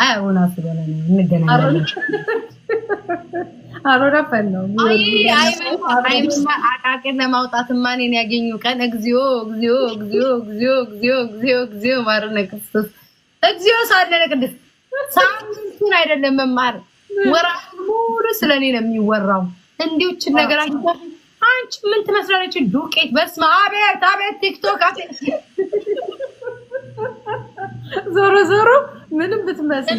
አይ አሮና ስለሆነ ነው እንገናኛለን። አሮና ፈን ነው። ለማውጣት ማን እኔ ያገኘው ቀን እግዚኦ እግዚኦ እግዚኦ እግዚኦ እግዚኦ እግዚኦ እግዚኦ ማርነ ክርስቶስ እግዚኦ ሳለ ቅድስት ሳምንቱን አይደለም መማር ወራት ሙሉ ስለኔ ነው የሚወራው። እንዲሁችን ነገር አንቺ ምን ትመስላለች ዱቄት። በስመ አብ አቤት አቤት ቲክቶክ ዞሮ ዞሮ ምንም ብትመስል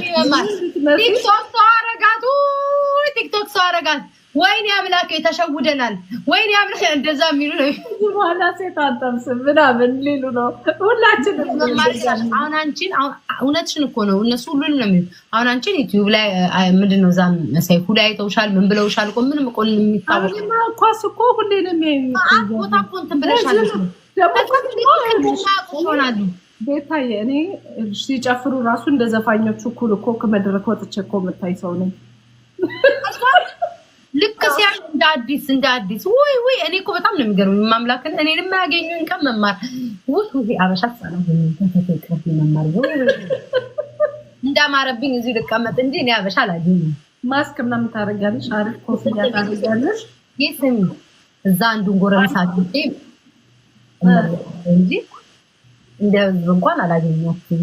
ቲክቶክ ሰው አረጋቱ፣ ቲክቶክ ሰው አረጋት። ወይኔ አምላኬ ተሸውደናል። ወይኔ አምላኬ እንደዛ የሚሉ ነው። በኋላ ሴት አጠምስም ምናምን ሊሉ ነው። ሁላችንም አሁን አንቺን እውነትሽን እኮ ነው እነሱ ሁሉንም ነው የሚሉ። አሁን አንቺን ዩቲዩብ ላይ ምንድን ነው እዛም መሳይ ላይ አይተውሻል። ምን ብለውሻል? እኮ ምንም እኮ የሚታወቅ ኳስ እኮ ሁሌ ነው የሚያዩ ቦታ እኮ እንትን ነው ደግሞ ሆናሉ ቤታዬ እኔ ሲጨፍሩ ራሱ እንደ ዘፋኞቹ እኩል እኮ ከመድረክ ወጥቼ እኮ የምታይ ሰው ነኝ። ልክ ሲያ እንደ አዲስ እንደ አዲስ ወይ ወይ። እኔ እኮ በጣም ነው የሚገርመኝ። ማምላክን እኔ የማያገኙን ቀን መማር ውይ ውይ፣ አበሻ ሳለቅረፊ መማር እንዳማረብኝ እዚህ ልቀመጥ እንጂ እኔ አበሻ አላገኝም። ማስክ ምናምን ታደርጊያለሽ፣ አሪፍ ኮፍያ ታደርጋለች። ይህ የትም እዛ አንዱን ጎረምሳ እንጂ እንደ ህዝብ እንኳን አላገኛችም።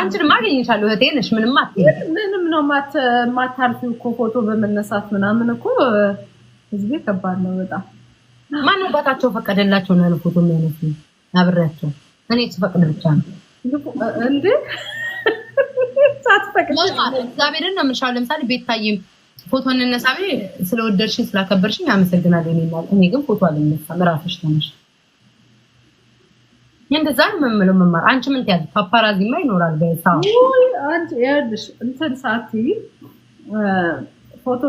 አንቺንማ አገኝሻለሁ። እህቴ ነሽ። ምንም ምንም ነው ማታርፊው እኮ ፎቶ በመነሳት ምናምን እኮ ህዝቤ ከባድ ነው በጣም። ማነው አባታቸው ፈቀደላቸው ነው ፎቶ የሚያነሱ አብሬያቸው እኔ ስፈቅድ ብቻ ነው እንዴ እግዚአብሔርን ነው የምልሽ። ለምሳሌ ቤታዬም ፎቶ እንነሳ ስለወደድሽኝ ስላከበርሽኝ አመሰግናለሁ። እኔ ግን ፎቶ አልነሳም። እራስሽ ተነሽ እንደዛ ነው የምለው። መማር አንቺ ምን ትያለሽ? ፓፓራዚማ ይኖራል በይታ አንቺ ያድሽ እንትን ሳቲ ፎቶ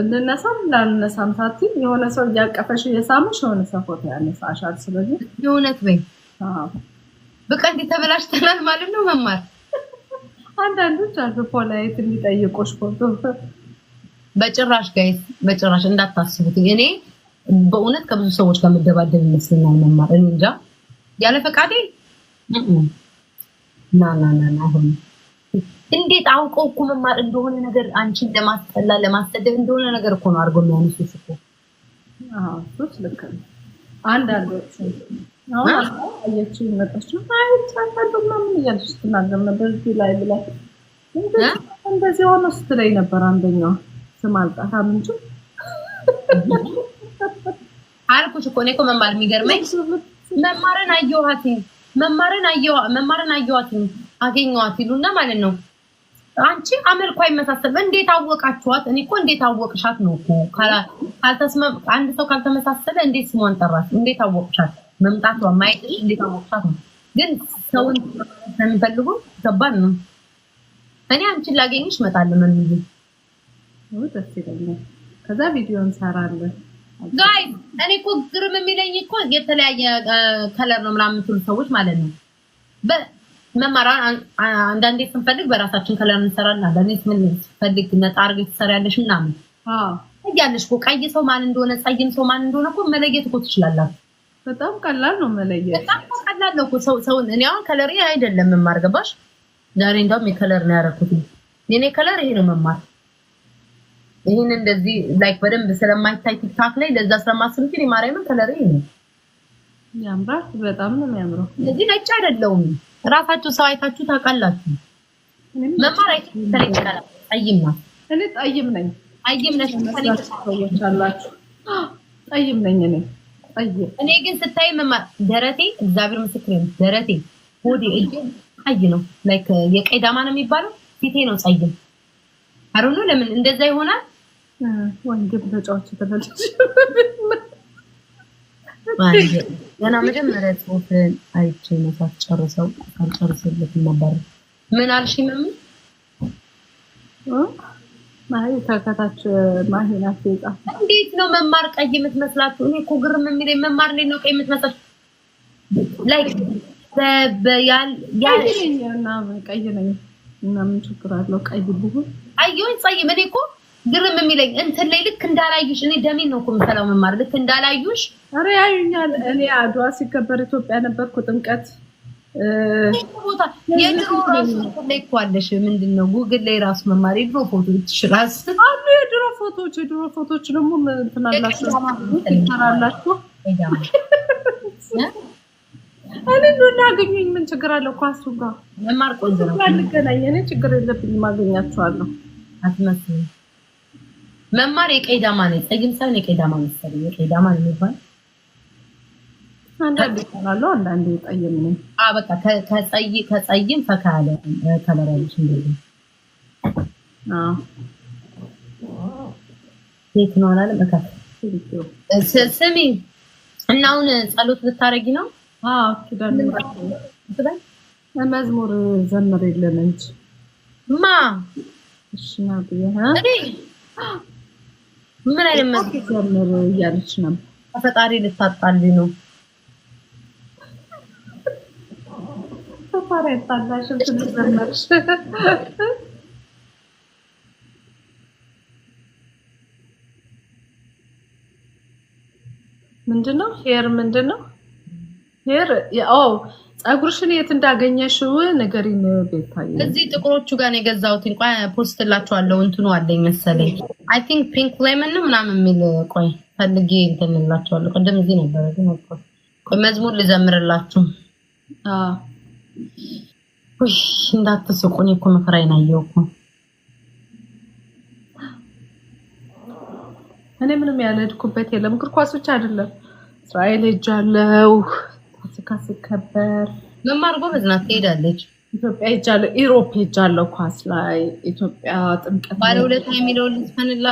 እንነሳም ላንነሳም ሳቲ የሆነ ሰው እያቀፈሽ እየሳመሽ የሆነ ሰው ፎቶ ያነሳሻል። ስለዚህ የእውነት በይ በቃ እንዴ ተበላሽተናል ማለት ነው መማር። አንዳንዶች አሉ ፖላይት የሚጠይቁሽ ፎቶ። በጭራሽ ጋይስ፣ በጭራሽ እንዳታስቡት። እኔ በእውነት ከብዙ ሰዎች ከምደባደብ ይመስለኛል መማር እኔ እንጃ ያለ ፈቃዴ ናናናና ና አሁን እንዴት አውቀው እኮ መማር እንደሆነ ነገር አንቺን ለማስጠላ ለማስጠደብ እንደሆነ ነገር እኮ ነው አድርጎ የሚያነሱት እኮ። ሱስ ልክ ነው። አንዳንዶች አየችው መጣችው አይታታዶማ ምን እያለች ስትናገር ነበር እዚህ ላይ ብላ እንደዚህ ሆኖ ስትለኝ ነበር። አንደኛው ስም አልጣት አምንጭ አልኩሽ እኮ እኔ እኮ መማር የሚገርመኝ መማረን አየኋት መማረን አየዋ መማረን አየኋት አገኘኋት ይሉና ማለት ነው። አንቺ አመልኳ ይመሳሰል እንዴት አወቃችኋት? እኔ እኮ እንዴት አወቅሻት ነው እኮ ካልተስመ አንድ ሰው ካልተመሳሰለ እንዴት ስሟን ጠራት? እንዴት አወቅሻት? መምጣቷ ማየትሽ እንዴት አወቅሻት ነው። ግን ሰውን ስለሚፈልጉ ከባድ ነው። እኔ አንቺን ላገኝሽ እመጣለሁ። ምን ይዤ ደስ ይለኛል። ከዛ ቪዲዮ እንሰራለን። ጋይ እኔ እኮ ግርም የሚለኝ እኮ የተለያየ ከለር ነው ምናምን የምትሉ ሰዎች ማለት ነው። መማር አንዳንዴ ስንፈልግ በራሳችን ከለር እንሰራለን። አንዳንዴ ስንፈልግ ትሰሪያለሽ ምናምን እያለሽ እኮ ቀይ ሰው ማን እንደሆነ ፀይም ሰው ማን እንደሆነ እኮ መለየት እኮ ትችላላችሁ። በጣም ቀላል ነው መለየት። በጣም ቀላል ነው ሰው ሰውን። እኔ አሁን ከለር አይደለም መማር ገባሽ። ዛሬ እንዳውም የከለር ነው ያደረኩት። የኔ ከለር ይሄ ነው መማር ይህን እንደዚህ ላይክ በደንብ ስለማይታይ ቲክታክ ላይ ለዛ ስለማስብ ግን የማርያምን ከለሬ ነው ያምራል። በጣም ነው የሚያምረው። እዚህ ነጭ አይደለውም። ራሳችሁ ሰው አይታችሁ ታውቃላችሁ። መማር አይችልም ይችላል። ጠይም እኔ ጠይም ነኝ። ጠይም ነሽ ሰዎች አላችሁ። ጠይም ነኝ እኔ ጠይም። እኔ ግን ስታይ መማር ደረቴ፣ እግዚአብሔር ምስክር ነው። ደረቴ፣ ሆዴ፣ እጅ ቀይ ነው። ላይክ የቀይ ዳማ ነው የሚባለው። ፊቴ ነው ጸይም። አሩኑ ለምን እንደዛ ይሆናል? ወንጌል ተጫዋች ተበልጭ ገና መጀመሪያ ጽሁፍን አይቼ መሳት ጨርሰው አልጨርስለት ነበር። ምን አልሽ? ምም ማይ ተከታች ማይ ናት እንዴት ነው መማር ቀይ የምትመስላችሁ? እኔ እኮ ግርም የሚል መማር እንዴት ነው ቀይ የምትመስላችሁ? ላይክ በያል ያል ቀይ ነኝ እና ምን ችግር አለው ቀይ ብሆን? አይ ይሁን ፀይ እኮ ግርም የሚለኝ እንትን ላይ ልክ እንዳላዩሽ እኔ ደሜን ነው እኮ የምፈላው መማር ልክ እንዳላዩሽ። ኧረ ያዩኛል። እኔ አድዋ ሲከበር ኢትዮጵያ ነበርኩ። ጥምቀት ቦታ የድሮ ራሱ ላይ እኮ አለሽ። ምንድን ነው ጉግል ላይ ራሱ መማር የድሮ ፎቶዎች ራሱ አሉ። የድሮ ፎቶዎች የድሮ ፎቶዎች ደግሞ እኔ ምን ችግር አለው? ኳሱ ጋር መማር ቆንጆ ነው። እኔ ችግር የለብኝም። አገኛችኋለሁ። አትመስልም መማር የቀይዳማ ነው። ጠይም ሳይሆን የቀይዳማ መሰለኝ። የቀይዳማ ነው የሚባል ከጸይም ይባላሉ፣ ነው። ፈካ ያለ ቤት ነው አላለም። ስሚ፣ እና አሁን ጸሎት ልታረጊ ነው? መዝሙር ዘምር የለን እንጂ ማ ምን አይነት ጀምሩ እያለች ነው። ከፈጣሪ ልታጣል ነው። ፈጣሪ ያጣላሽም ስለዘመርሽ ምንድን ነው ሄር ምንድን ነው ሄር ያው ጸጉርሽን የት እንዳገኘሽው ንገሪን ቤታዬ። እዚህ ጥቁሮቹ ጋር ነው የገዛሁት። ቆይ ፖስት እንትኑ አለኝ መሰለኝ አይ ቲንክ ፒንክ ሌመን ምናምን የሚል ቆይ ፈልጌ እንትን ቅድም እዚህ ነበረ። ቆይ መዝሙር ልዘምርላችሁ። ውይ እንዳትስቁ። እኔ እኮ መከራዬን አየሁ እኮ እኔ ምንም ያልሄድኩበት የለም። እግር ኳስ ብቻ አይደለም እስራኤል ሄጃለሁ። ኳስ ሲከበር መማር ጎበዝ ናት። ትሄዳለች። ኢትዮጵያ ሄጃለሁ፣ ኢሮፕ ሄጃለሁ፣ ኳስ ላይ ኢትዮጵያ ጥምቀት ባለ ሁለት የሚለው ልዝፈንላ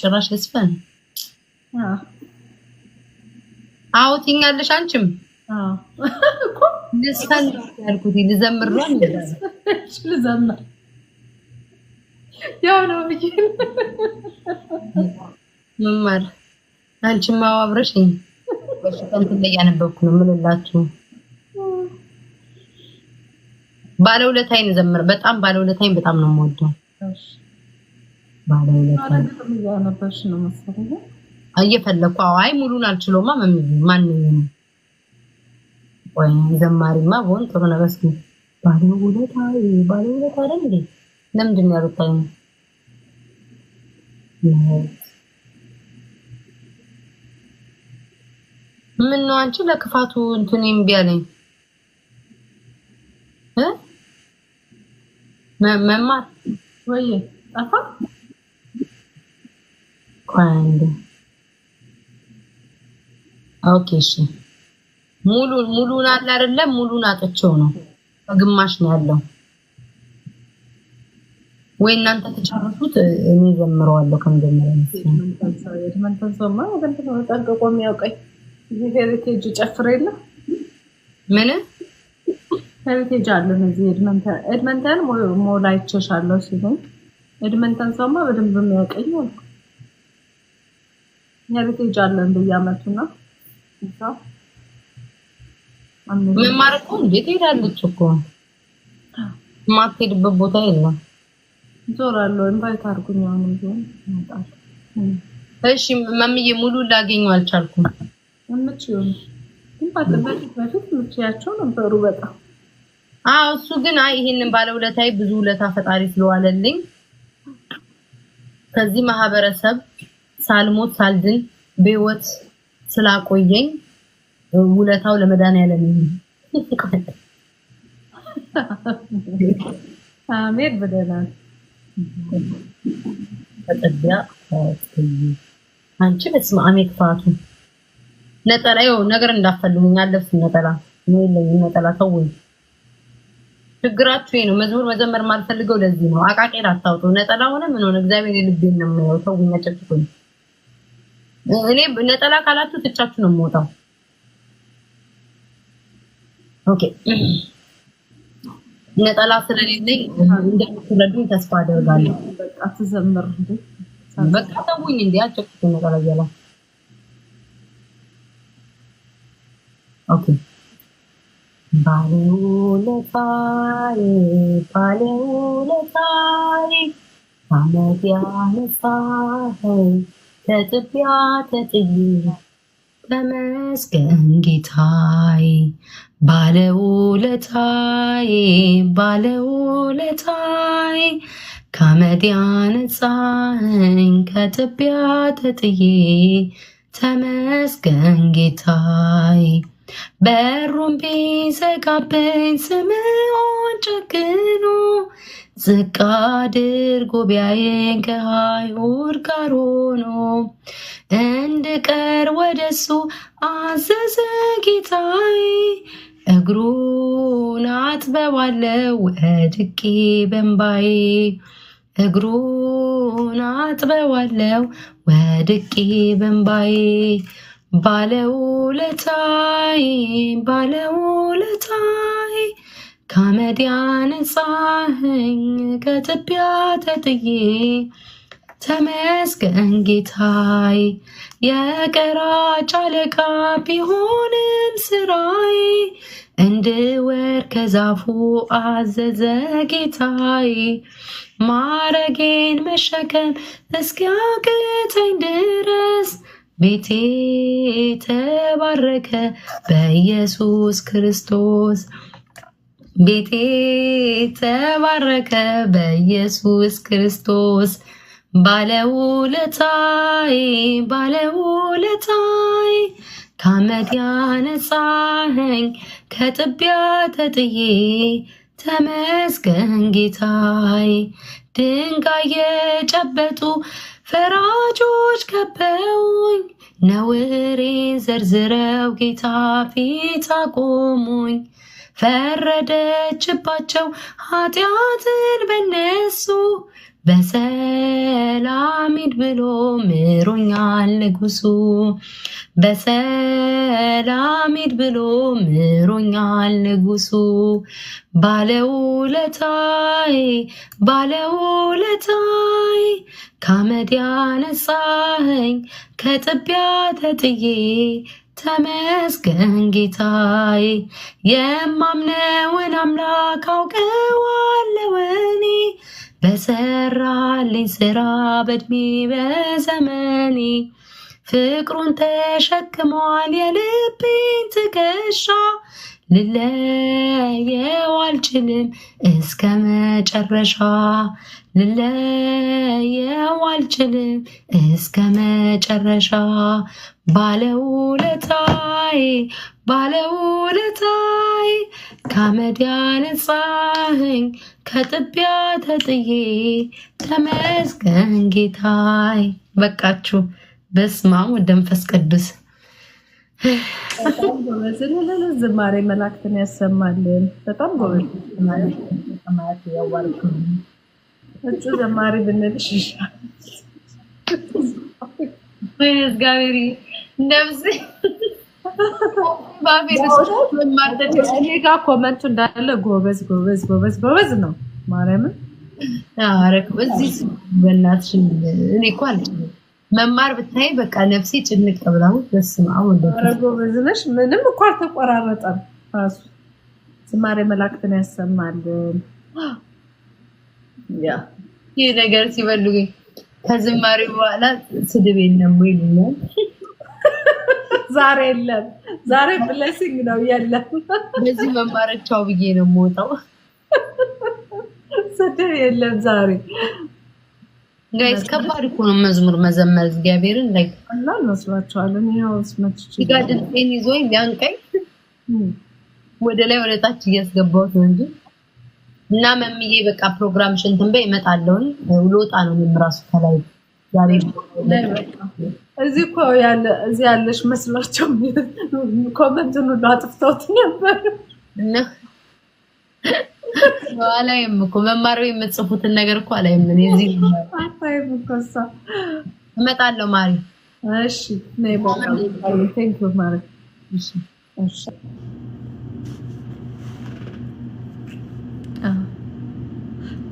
ጭራሽ ልዝፈን አዎ ትኛለሽ አንቺም ልዝፈን ያልኩት ልዘምር ነው ልዘምር ያው ነው ብዬ መማር አንቺም አዋብረሽኝ በእሱ ከእንትን ላይ እያነበብኩ ነው። ምንላችሁ ባለውለታይን ዘምር። በጣም ባለውለታይን በጣም ነው የምወደው። እየፈለኩ አይ ሙሉን አልችለውማ። ማንኛውም ዘማሪማ ብሆን ጥሩ ነው። እስኪ ባለውለታይ ባለውለታ አይደል እንዴ? ለምንድን ነው ያሉት? ምን ነው አንቺ ለክፋቱ እንትን እምቢ አለኝ እ መማር ወይ ጠፋ ቆንጆ ኦኬ። እሺ ሙሉ ሙሉን አለ አይደለም፣ ሙሉን አጥቼው ነው ግማሽ ነው ያለው። ወይ እናንተ ተጨርሱት፣ እኔ ጀምረዋለሁ ከመጀመሪያ ነው የሄሪቴጅ ጨፍር የለ ምን ሄሪቴጅ አለን እዚህ ኤድመንተን ኤድመንተን ሞላ ይቸሻለሁ ሲሆን ኤድመንተን ሰማ በደንብ የሚያውቀኝ ሄሪቴጅ አለን በየአመቱ ነው። መማር እኮ እንዴ ትሄዳለች እኮ የማትሄድበት ቦታ የለም። ዞራለሁ ኢንቫይት አድርጉኝ። አሁንም ቢሆን እሺ መምዬ ሙሉ ላገኘው አልቻልኩም። የምችይው ግን በፊት በፊት የምችያቸው ነበሩ በጣም አዎ። እሱ ግን አይ ይሄንን ባለ ባለውለታዬ ብዙ ውለታ ፈጣሪ ስለዋለልኝ ከዚህ ማህበረሰብ ሳልሞት ሳልድን በህይወት ስላቆየኝ ውለታው ለመድኃኒዓለም አሜን ብለናል። ተጠቢያ አንቺ በስመ አብ ክፋቱ ነጠላ ይኸው ነገር እንዳፈልጉኝ አለብስ ነጠላ ነው ይለኝ ነጠላ ተውኝ። ችግራችሁ ነው። መዝሙር መዘመር ማልፈልገው ለዚህ ነው። አቃቄር አታውጡ። ነጠላ ሆነ ምን ሆነ እግዚአብሔር የልቤን ነው የሚያየው። ተውኝ፣ አጨብጭቁኝ። እኔ ነጠላ ካላችሁ ትቻችሁ ነው የምወጣው። ኦኬ፣ ነጠላ ስለሌለኝ እንደምትረዱኝ ተስፋ አደርጋለሁ። በቃ ተዘምር፣ በቃ ተውኝ። እንዲ አጨብጭቁኝ ነጠላ እያላችሁ ओके बाले ऊले पारे बाले ऊले पारे खाना ज्ञान पाहे तत प्यात तिये በመስገን ጌታዬ ባለውለታዬ ባለውለታዬ ከአመድ ያነጻኸኝ ከትቢያ ተጥዬ ተመስገን ጌታዬ በሩን ቢዘጋብኝ ስምዖን ጨክኖ ዝቅ አድርጎ ቢያየኝ ከአይሁድ ጋር ሆኖ እንድቀር ወደሱ አዘዘ ጌታዬ። እግሩን አጥበዋለሁ ወድቄ በእምባዬ እግሩን አጥበዋለሁ ወድቄ በንባይ ባለውለታይ ባለውለታይ ከአመድ ያነጻኸኝ ከትቢያ ተጥዬ ተመስገን ጌታይ። የቀራጭ አለቃ ቢሆንም ስራይ እንድወር ከዛፉ አዘዘ ጌታይ። ማረጌን መሸከም እስኪያቅተኝ ቤቴ ተባረከ በኢየሱስ ክርስቶስ ቤቴ ተባረከ በኢየሱስ ክርስቶስ ባለውለታይ ባለውለታይ ከአመድ ያነጻኸኝ ከጥቢያ ተጥዬ ተመስገን ጌታይ ድንጋይ የጨበጡ ፈራጆች ከበ ነውሬን ዘርዝረው ጌታ ፊት አቆሙኝ። ፈረደችባቸው ኃጢአትን በነሱ በሰላም ሂድ ብሎ ምሮኛል ንጉሱ በሰላም ሂድ ብሎ ምሮኛል ንጉሱ ባለውለታይ ባለውለታይ ካመድ ያነሳኸኝ ከጥቢያ ተጥዬ ተመስገን ጌታይ የማምነውን አምላክ አውቀዋለሁ እኔ በሰራልኝ ስራ በእድሜ በዘመኔ ፍቅሩን ተሸክሟል የልቤን ትከሻ ልለየው አልችልም እስከ መጨረሻ ልለየው አልችልም እስከ መጨረሻ ባለውለታይ ባለውለታይ ከአመድ ያነጻኸኝ ከጥቢያ ተጥዬ ተመስገን ጌታይ። በቃችሁ። በስመ አብ ወመንፈስ ቅዱስ። ዝማሬ መላእክትን ያሰማልን። በጣም ጎበዝ እሱ ዘማሪ ብንልሽ ይሻላል። ወይ እግዚአብሔር ነፍሴ እኔ ጋ ኮመንቱ እንዳለ ጎበዝ ጎበዝ ጎበዝ ጎበዝ ነው። ማርያምን እዚህ በእናትሽ እኔ እኮ መማር ብታይ በቃ ነፍሴ ጭንቅ ብላ በስመ አብ ጎበዝ ነሽ። ምንም እኳ አልተቆራረጠም። ራሱ ዝማሬ መላእክትን ያሰማልን ይህ ነገር ሲበሉኝ ከዝማሬ በኋላ ስድብ የለም ወይ ይሉኛል። ዛሬ የለም፣ ዛሬ ብለሲንግ ነው የለም። በዚህ መማረቻው ብዬ ነው የምወጣው። ስድብ የለም ዛሬ። ጋይስ ከባድ እኮ ነው መዝሙር መዘመር። እግዚአብሔርን ላይ አላ መስላችኋል። ያው ስመጥቼ ጋር ይዞኝ ያን ወደ ላይ ወደ ታች እያስገባሁት ነው እንጂ እና መምዬ በቃ ፕሮግራምሽን ትንበይ እመጣለሁኝ። ውሎጣ ነው የምራሱ ከላይ ዛሬ እዚህ እኮ ያለ እዚህ ያለሽ መስላቸው ኮመንትን ሁሉ አጥፍተውት ነበር። አላየም እኮ መማሪ የምትጽፉትን ነገር እኮ አላየም። እኔ እዚህ አታይም እኮ እሷ እመጣለሁ ማሪ። እሺ ነይ። ቴንክ ዩ ማሪ። እሺ እሺ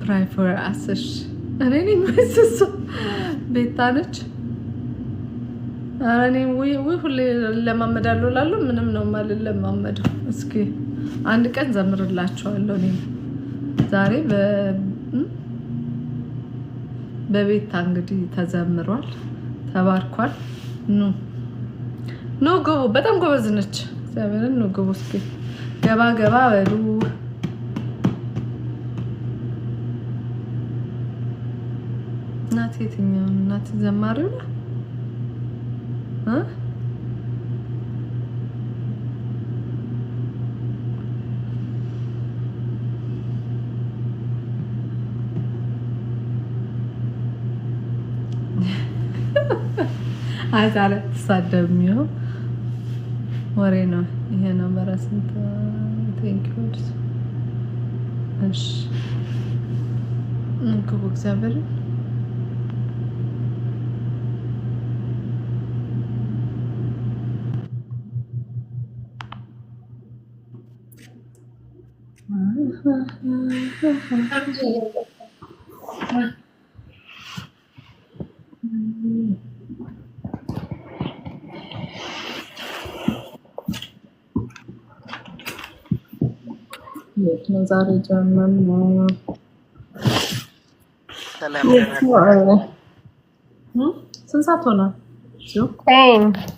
ፕራይፈር አስሽ እኔ መስሶ ቤታ ነች። እኔ ሁሌ ለማመዳለሁ እላለሁ። ምንም ነው የማልለማመደው። እስኪ አንድ ቀን ዘምርላቸዋለሁ። እኔ ዛሬ በቤታ እንግዲህ ተዘምሯል፣ ተባርኳል። ኑ ኑ ግቡ። በጣም ጎበዝ ነች። እግዚአብሔርን ኑ ግቡ። እስኪ ገባ ገባ በሉ። የትኛው እናት ዘማሪው እ አዛረ ተሳደብ ወሬ ነው ይሄ ነው። በራስንት ቴንክ ዩ እሺ እንኩ እግዚአብሔር یک نظری جان من سلام سلام سلام سلام سلام سلام